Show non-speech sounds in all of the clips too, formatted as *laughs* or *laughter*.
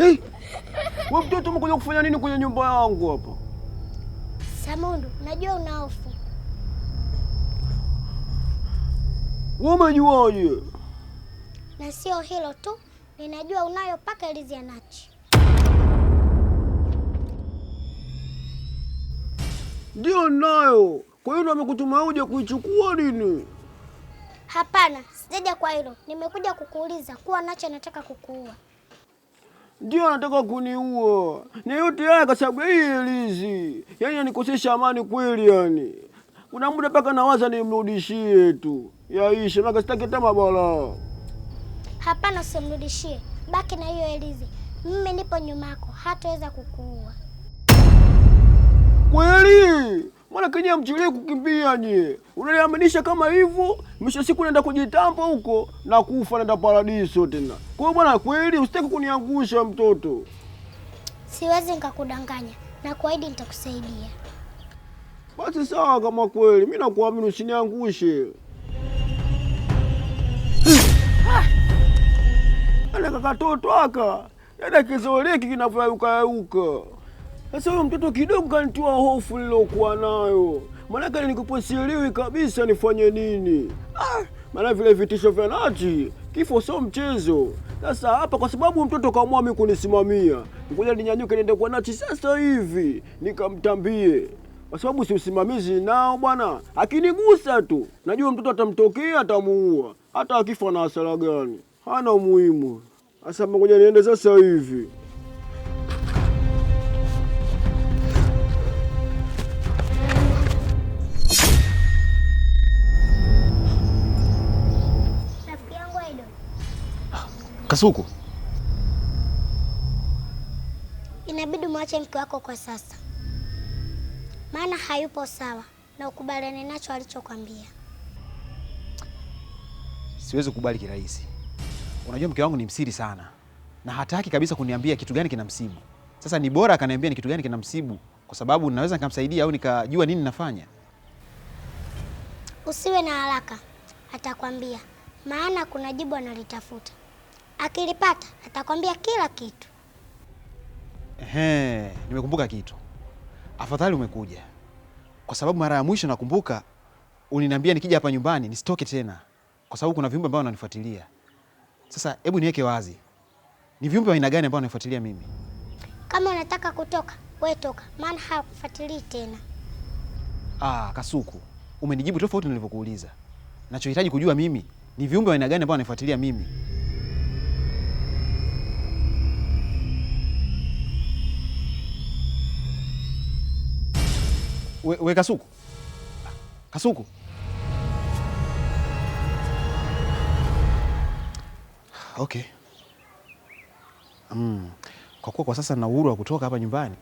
Hey, wewe mtoto umekuja kufanya nini kwenye nyumba yangu hapa? Samundu, najua una hofu. Wewe umejuaje? Na sio hilo tu, ninajua unayo paka ilizi nachi. Ndio nayo. Kwa hiyo amekutuma uje kuichukua nini? Hapana, sijaja kwa hilo. Nimekuja kukuuliza kuwa nacho anataka kukuua ndio anataka kuniua na yote haya kwa sababu hii Elizi, yaani anikosesha amani kweli. Yani kuna muda mpaka nawaza nimrudishie tu yaishe, maka sitaki hata mabala. Hapana, usimrudishie, baki na hiyo Elizi. Mimi nipo nyuma yako, hataweza kukuua kweli mwana Kenya mchelewe kukimbia nyie? Unaniaminisha kama hivyo, mwisho siku naenda kujitamba huko na kufa naenda paradiso tena. Kwa hiyo bwana, kweli usitaki kuniangusha mtoto. Siwezi nikakudanganya na kuahidi nitakusaidia. Basi sawa, kama kweli mimi nakuamini, usiniangushe. Ana kaka aka, ana kizoleki kinavyoyuka yuka. Sasa huyo mtoto kidogo kanitoa hofu nilokuwa nayo, maanake nikuposiliwi kabisa, nifanye nini? Ah, maana vile vitisho vya Nati, kifo sio mchezo. Sasa hapa kwa sababu mtoto kaamua mimi kunisimamia, ngoja ninyanyuke niende kwa Nati sasa hivi nikamtambie, kwa sababu si usimamizi nao bwana. Akinigusa tu najua mtoto atamtokea, atamuua. Hata akifa na hasara gani? Hana umuhimu. Sasa ngoja niende sasa hivi. Kasuku, inabidi mwache mke wako kwa sasa, maana hayupo sawa, na ukubaliane nacho alichokwambia. Siwezi kukubali kirahisi. Unajua mke wangu ni msiri sana, na hataki kabisa kuniambia kitu gani kina msibu Sasa ni bora akaniambia ni kitu gani kina msibu kwa sababu naweza nikamsaidia au nikajua nini nafanya. Usiwe na haraka, atakwambia, maana kuna jibu analitafuta akilipata atakwambia kila kitu. Ehe, nimekumbuka kitu. Afadhali umekuja, kwa sababu mara ya mwisho nakumbuka uliniambia nikija hapa nyumbani nisitoke tena, kwa sababu kuna viumbe ambao wananifuatilia. Sasa hebu niweke wazi, ni viumbe aina gani ambao wananifuatilia mimi? Kama unataka kutoka wewe toka, maana hakufuatilii tena. Ah, Kasuku, umenijibu tofauti nilivyokuuliza. Nachohitaji kujua mimi ni viumbe aina gani ambao wananifuatilia mimi. we, Kasuku, Kasuku, okay. Mm. Kwa kuwa kwa sasa na uhuru wa kutoka hapa nyumbani,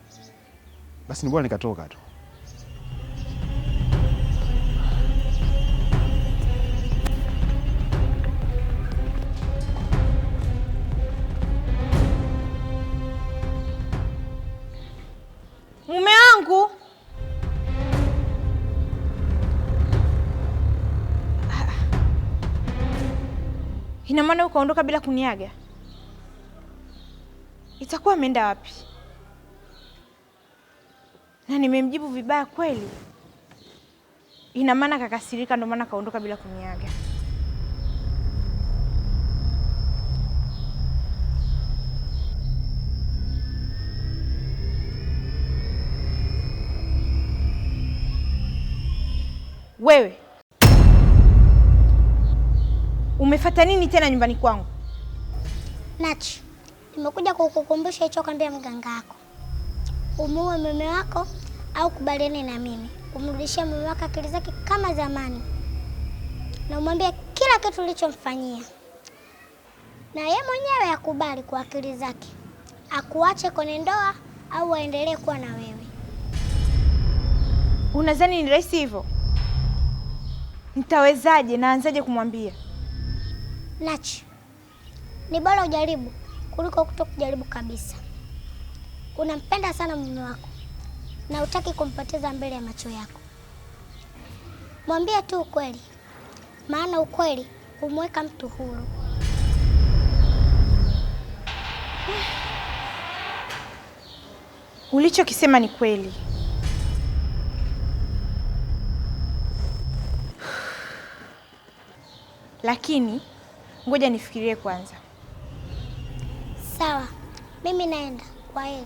basi ni bora nikatoka tu. Ina maana ukaondoka bila kuniaga? Itakuwa ameenda wapi? Na nimemjibu vibaya kweli? Ina maana kakasirika, ndio maana kaondoka bila kuniaga. Wewe Umefata nini tena nyumbani kwangu? Nachi, nimekuja kukukumbusha hicho kwambia mganga wako. Umuue mume wako au kubaliane na mimi umrudishie mume wako akili zake kama zamani, na umwambie kila kitu ulichomfanyia, na ye mwenyewe akubali kwa akili zake, akuache kwenye ndoa au aendelee kuwa na wewe. Unadhani ni rahisi hivyo? Nitawezaje? Naanzaje kumwambia? Nachi, ni bora ujaribu kuliko kuto kujaribu kabisa. Unampenda sana mume wako na utaki kumpoteza mbele ya macho yako. Mwambie tu ukweli, maana ukweli humweka mtu huru. Ulichokisema ni kweli. *sighs* Lakini Ngoja nifikirie kwanza. Sawa, mimi naenda. Kwa heri.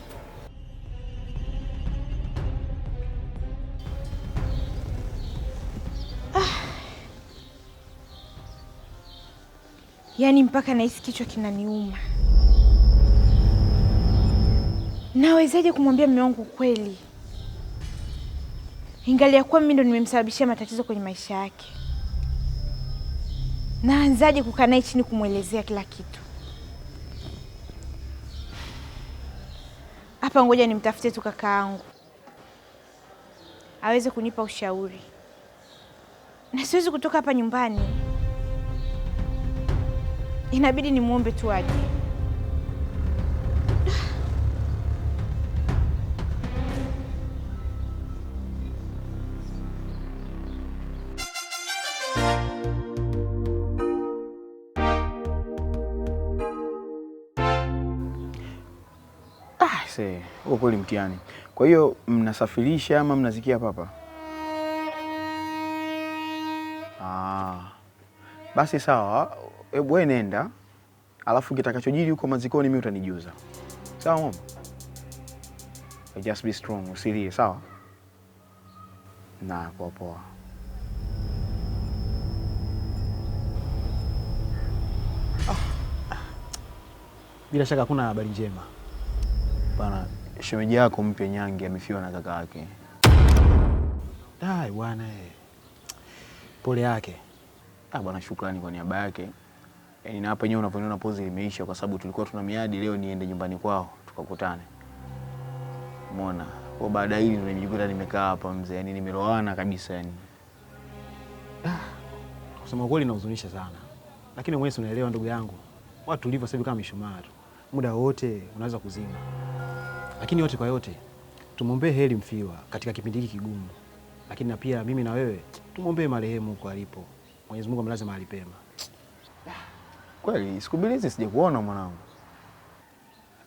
Ah. Yaani mpaka nahisi kichwa kinaniuma. Nawezaje kumwambia mume wangu kweli? Ingalia kuwa mimi ndo nimemsababishia matatizo kwenye maisha yake naanzaje kukaa naye chini kumwelezea kila kitu hapa? Ngoja nimtafute tu kakaangu aweze kunipa ushauri, na siwezi kutoka hapa nyumbani, inabidi nimwombe tu aje. Aisee, huo kweli mtihani. Kwa hiyo mnasafirisha ama mnazikia papa? Ah. Basi sawa, hebu wewe nenda, alafu kitakachojiri huko mazikoni mimi utanijuza. Sawa mama? Just be strong, usilie, sawa? Na poa poa. Ah, bila shaka hakuna habari njema shemeji yako mpya Nyange amefiwa na kaka yake. Dai bwana, eh. pole yake. Ah bwana, shukrani kwa niaba yake. E, eh, nina hapa nyewe unavyoniona pozi limeisha kwa sababu tulikuwa tuna miadi leo niende nyumbani kwao tukakutane. Umeona? Kwa baada hili nimejikuta nimekaa hapa mzee, yaani nimeroana kabisa yani. Ah, kusema kweli inahuzunisha sana. Lakini mwenyewe unaelewa ndugu yangu. Watu tulivyo sasa kama mishumaa tu. Muda wote unaweza kuzima. Lakini yote kwa yote tumwombee heri mfiwa katika kipindi hiki kigumu, lakini na pia mimi na wewe tumwombee marehemu huko alipo. Mwenyezi Mungu amlaze mahali pema. Kweli sije kuona mwanangu.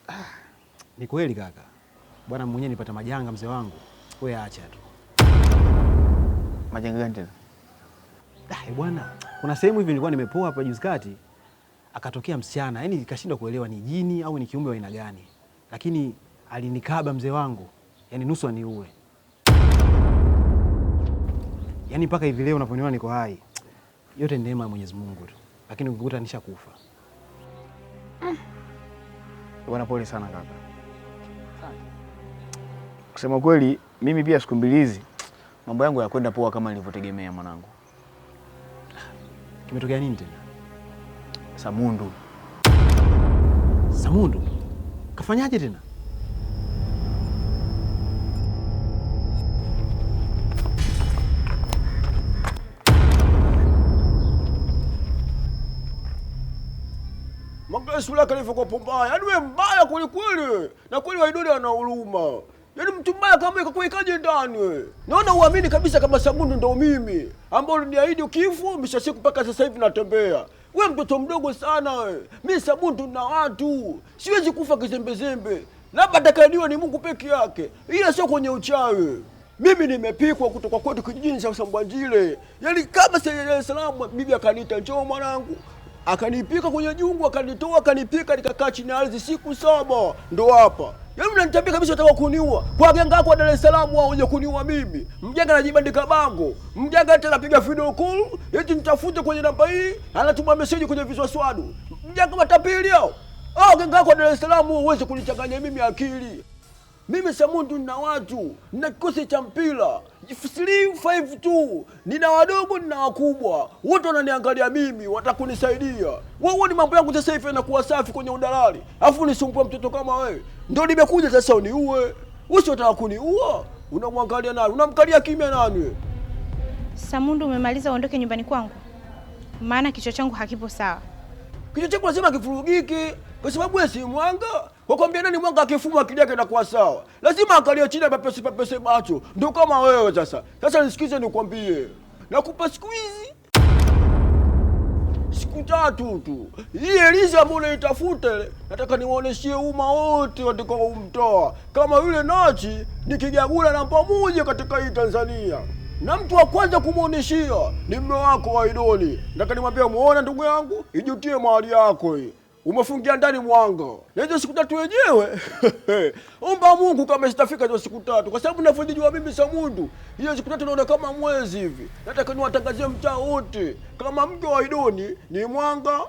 Ah, ni kweli kaka, bwana mwenyewe nipata majanga mzee wangu, we acha tu. Majanga gani tena? Ah, eh, bwana kuna sehemu hivi nilikuwa nimepoa hapa juzi kati, akatokea msichana, yaani nikashindwa kuelewa ni jini au ni kiumbe wa aina gani, lakini alinikaba mzee wangu, yaani nusu aniue, yani mpaka hivi leo unavyoniona niko hai, yote neema ya Mwenyezi Mungu tu, lakini ukikuta nishakufa. kufa mm. Bwana pole sana kaka. Kusema kweli mimi pia siku mbili hizi mambo yangu yakwenda poa kama nilivyotegemea mwanangu. Kimetokea nini tena? Samundu. Samundu kafanyaje tena? sura yake ilivyokuwa pumbaya, yaani wewe mbaya kweli kweli, na kweli Waidoni ana huruma. Yaani mtu mbaya kama ikakuikaje ndani wewe? Naona uamini kabisa kama sabuni ndo mimi ambao uliniahidi kifo misha siku mpaka sasa hivi natembea. Wewe mtoto mdogo sana wewe. Mimi sabuni na watu. Siwezi kufa kizembe zembe. Labda atakayeniwa ni Mungu peke yake. Ila sio kwenye uchawi. Mimi nimepikwa kutoka kwetu kijijini cha Sambwanjile. Yaani kama Dar es Salaam bibi akaniita njoo mwanangu akanipika kwenye jungu, akanitoa, akanipika, nikakaa chini ardhi siku saba. Ndo hapa yani mnanitambia kabisa, wataka kuniua kwa genga wako wa Dar es Salaam, wao wenye kuniua mimi. Mjanga anajibandika bango, mjanga hata anapiga video call eti nitafute kwenye namba hii, anatuma meseji kwenye viswaswadu. Mjanga matapili hao, hao wako wa Dar es Salaam, uweze kunichanganya mimi akili. Mimi samundu nina watu, nina kikosi cha mpira 352 nina wadogo, nina wakubwa, wote wananiangalia mimi, watakunisaidia. Wewe ni mambo yangu sasa hivi yanakuwa safi kwenye udalali, afu nisumbua mtoto kama wewe, ndio nimekuja sasa uniue. Wewe unataka kuniua? Unamwangalia nani? Unamkalia kimya nani? Samundu, umemaliza uondoke nyumbani kwangu, maana kichwa changu hakipo sawa. Kichwa changu lazima kifurugike, kwa sababu wewe si mwanga Wakwambia nani mwanga akifuma akili yake inakuwa sawa, lazima angalie chini papese papese macho. Ndio kama wewe sasa. Sasa nisikize nikwambie, nakupa siku hizi siku tatu tu, hii Eliza ambayo unaitafute, nataka niwaoneshie umma wote kumtoa. kama yule Nachi ni kijagula namba moja katika hii Tanzania, na mtu wa kwanza kumuoneshia ni mme wako Aidoni. Nataka nimwambie, muona ndugu yangu, ijutie mahali yako hii umefungia ndani mwanga na hizo siku tatu wenyewe *laughs* omba Mungu kama zitafika hizo siku tatu, kwa sababu navyojijua mimi Samundu, hiyo siku tatu naona kama mwezi hivi. Nataka niwatangazie mtaa wote kama mke wa Idoni ni mwanga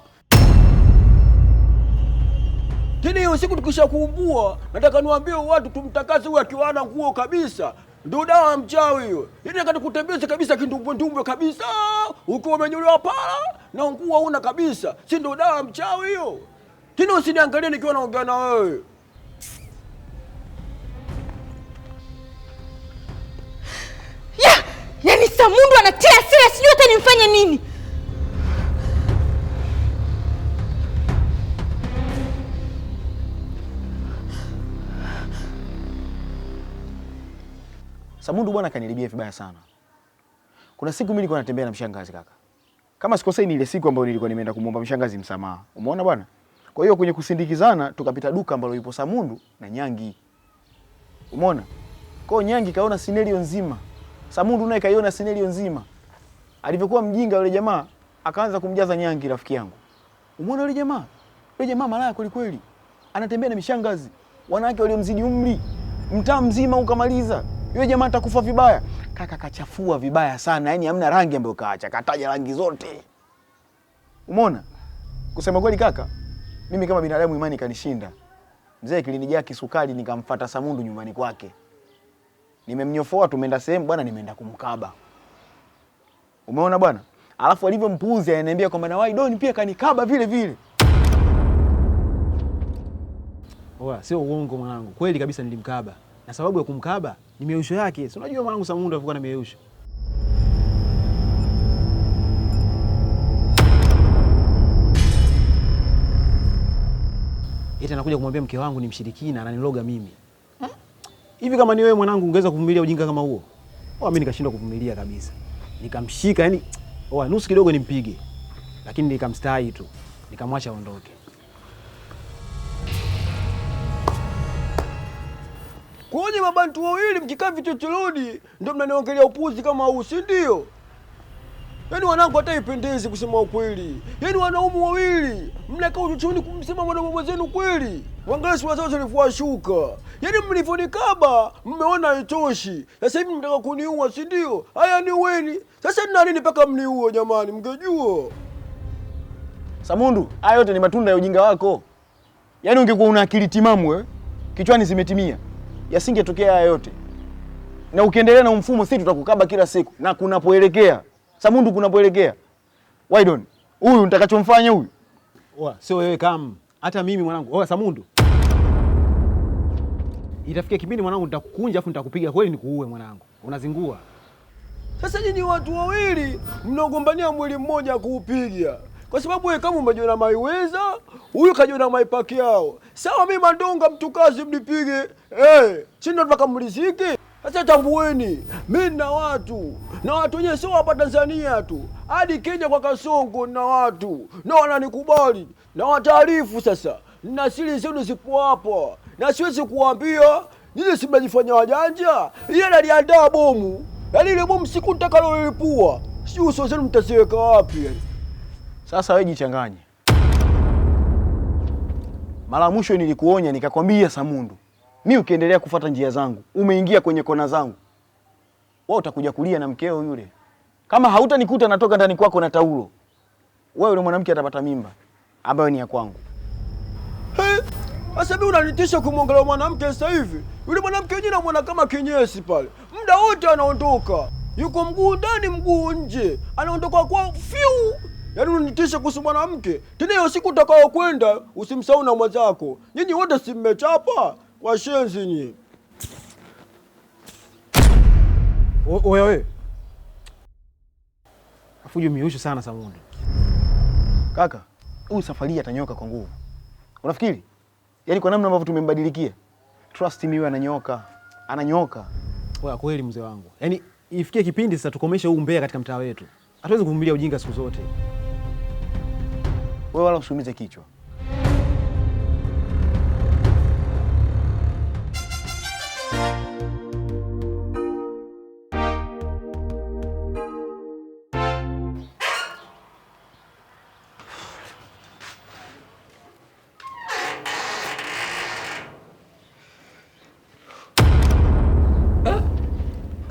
tena hiyo siku tukishakumbua, nataka niwaambie watu tumtakaze huyu akiwa hana nguo kabisa, ndio dawa mchawi hiyo. Ile yaani katukutembeza kabisa kindumbwe ndumbwe kabisa, ukiwa umenyolewa pala na nguo una kabisa, si ndio dawa mchawi hiyo? Tena usiniangalie nikiwa naongea na wewe. Ya, yani Samundu anatia hasira, sijui hata nimfanye nini. Samundu bwana kanilibia vibaya sana. Kuna siku mimi nilikuwa natembea na mshangazi kaka. Kama sikosei ni ile siku ambayo nilikuwa nimeenda kumwomba mshangazi msamaha. Umeona bwana? Kwa hiyo kwenye kusindikizana tukapita duka ambalo yupo Samundu na Nyangi. Umeona? Kwa hiyo Nyangi kaona scenario nzima. Samundu naye kaiona scenario nzima. Alivyokuwa mjinga yule jamaa akaanza kumjaza Nyangi rafiki yangu. Umeona yule jamaa? Yule jamaa malaya kweli kweli. Anatembea na mishangazi, wanawake waliomzidi umri, mtaa mzima ukamaliza. Yule jamaa atakufa vibaya. Kaka kachafua vibaya sana, yaani hamna rangi ambayo kaacha, kataja rangi zote. Umeona? Kusema kweli kaka, mimi kama binadamu imani kanishinda. Mzee kilinijaa kisukari, nikamfuata Samundu nyumbani kwake, nimemnyofoa, tumeenda sehemu bwana, nimeenda kumkaba. Umeona bwana, alafu alivyompuuzi ananiambia kwamba na Waidoni pia kanikaba vile vile. Oa, sio uongo mwanangu, kweli kabisa nilimkaba na sababu ya kumkaba ni miyeusho yake. Si unajua mwanangu Samundu alikuwa na miyeusho eti anakuja kumwambia mke wangu ni mshirikina, ananiloga mimi eh? hivi. Kama ni wewe mwanangu, ungeweza kuvumilia ujinga kama huo? Oh, mimi nikashindwa kuvumilia kabisa, nikamshika yani, oh, nusu kidogo nimpige, lakini nikamstahi tu, nikamwacha aondoke. Kwaje mabantu wawili mkikaa vichocholodi ndio mnaniongelea upuzi kama huu, si ndio? Yaani wanangu, hata ipendezi kusema ukweli. Yaani wanaume wawili mnakaa uchochoni kumsema mwanaume zenu kweli, wangalia sura zao zilivyowashuka. Yaani mlivyonikaba mmeona haitoshi, sasa hivi mnataka kuniua, si ndio? Haya, ni niueni sasa. Nina nini mpaka mniue jamani? Mngejua Samundu, haya yote ni matunda ya ujinga wako. Yaani ungekuwa una akili timamu wewe, eh? kichwani zimetimia yasingetokea haya yote, na ukiendelea na mfumo sisi tutakukaba kila siku, na kunapoelekea Samundu, kunapoelekea Wydon huyu nitakachomfanya huyu sio wewe kam, hata mimi mwanangu. Oa Samundu, itafikia kipindi mwanangu nitakukunja afu nitakupiga kweli nikuue mwanangu, unazingua sasa. Nyinyi watu wawili mnaogombania mwili mmoja kuupiga kwa sababu wewe kama umejiona maiweza, huyu kajiona maipaki yao. Sawa, mimi mtu mtukazi mnipige eh, ndo tukamliziki. Sasa tambueni, mimi na watu na watu wenyewe sio hapa Tanzania tu, hadi Kenya kwa Kasongo na watu na wananikubali na wataarifu. Sasa na siri zenu zipo hapa, na siwezi kuambia nini, simejifanya wajanja. Yeye analiandaa bomu, yaani ile bomu siku nitakalolipua, sijui uso zenu mtaziweka wapi yani. Sasa wewe jichanganye. Mara mwisho nilikuonya nikakwambia, Samundu, mi ukiendelea kufata njia zangu, umeingia kwenye kona zangu, wewe utakuja kulia na mkeo yule. Kama hautanikuta natoka ndani kwako na taulo, wewe yule mwanamke atapata mimba ambayo ni ya kwangu. Eh, sasa mimi unanitisha kumwongelea mwanamke sasa hivi? Yule mwanamke yeye namwona kama kinyesi pale, muda wote anaondoka, yuko mguu ndani mguu nje, anaondoka kwa fiu yaani unanitisha kuhusu mwanamke tena. Hiyo siku utakao kwenda usimsahau na mwenzako. Nyinyi wote si mmechapa washenzi nyinyi. Oya we afujo sana Samundi kaka, huyu safari atanyoka kwa nguvu, unafikiri? Yaani kwa namna ambavyo tumembadilikia, trust me, wewe ananyoka, ananyoka. Oya kweli mzee wangu, yaani ifikie kipindi sasa tukomeshe huu umbea katika mtaa wetu. Hatuwezi kuvumilia ujinga siku zote wewe wala usiumize kichwa.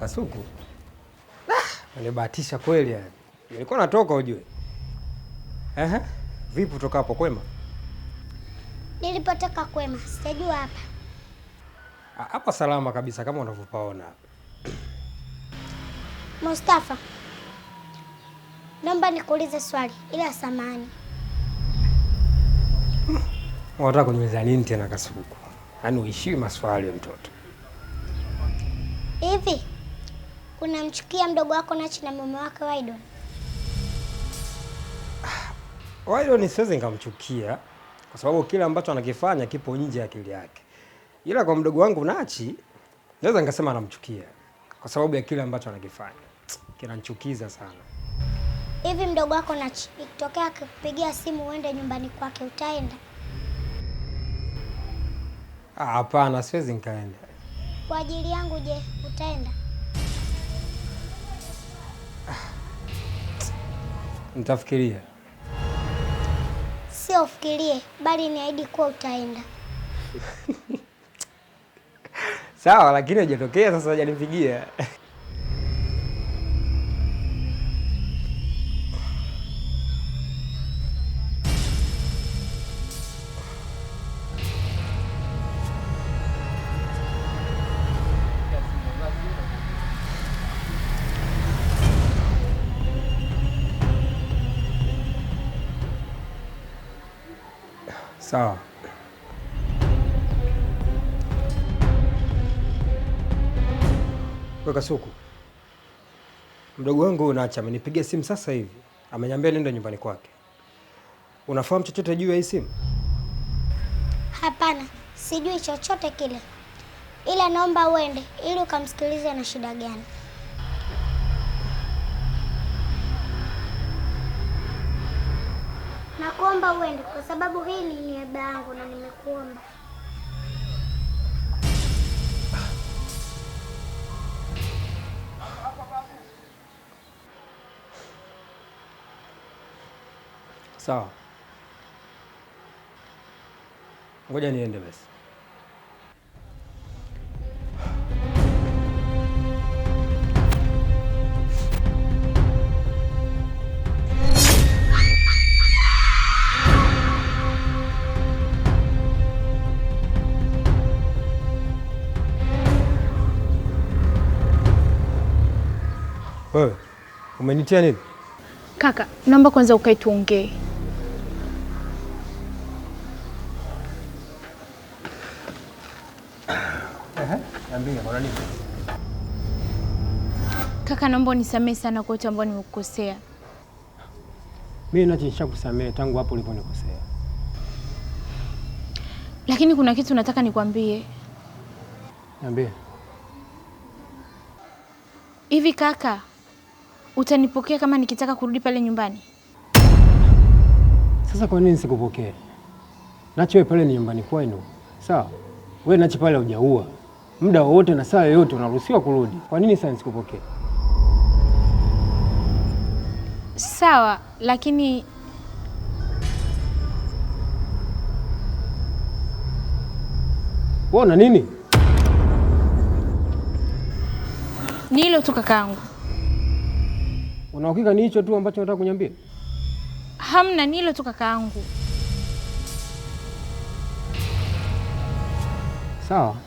Kasuku ah! alibahatisha kweli, yani nilikuwa natoka ujue. Aha. Vipi kutoka hapo Kwema? Nilipotoka Kwema, sijajua hapa. Hapa salama kabisa kama unavyopaona. Mustafa, naomba nikuulize swali ila samani. Hmm, unataka kuniuliza nini tena Kasuku? Yaani uishiwi maswali mtoto. Hivi unamchukia mdogo wako Nachi na mume wake Waidon? Wailoni siwezi nikamchukia kwa sababu kile ambacho anakifanya kipo nje ya akili yake, ila kwa mdogo wangu Nachi naweza nikasema anamchukia kwa sababu ya kile ambacho anakifanya kinanchukiza sana. Hivi mdogo wako Nachi, ikitokea akikupigia simu uende nyumbani kwake utaenda? Hapana, siwezi nikaenda. Kwa ajili yangu, je, utaenda? Nitafikiria sio ufikirie, bali niahidi kuwa utaenda. *laughs* Sawa, lakini hajatokea sasa, hajanipigia Sawa. Weka suku, mdogo wangu unaacha amenipigia simu sasa hivi, ameniambia nenda nyumbani kwake. Unafahamu chochote juu ya hii simu? Hapana, sijui chochote kile, ila naomba uende ili ukamsikilize na shida gani. Nakuomba uende kwa sababu hii ni niaba yangu na nimekuomba. Sawa. Ngoja niende basi. Wewe umenitia nini kaka? Naomba kwanza ukae tuongee. Kaka, naomba unisamehe sana kwa yote ambayo nimekukosea. Mimi nachiisha kusamehe tangu hapo uliponikosea, lakini kuna kitu nataka nikwambie. Niambie. Hivi kaka utanipokea kama nikitaka kurudi pale nyumbani? Sasa kwa nini sikupokee Nacho pale ni nyumbani kwenu, sawa? Wewe Nacho pale hujaua, muda wowote na saa yoyote unaruhusiwa kurudi. Kwa nini sasa nisikupokee? Sawa, lakini wewe una nini? Ni hilo tu kakaangu. Una uhakika ni hicho tu ambacho nataka kuniambia? Hamna, ni hilo tu yangu. Sawa.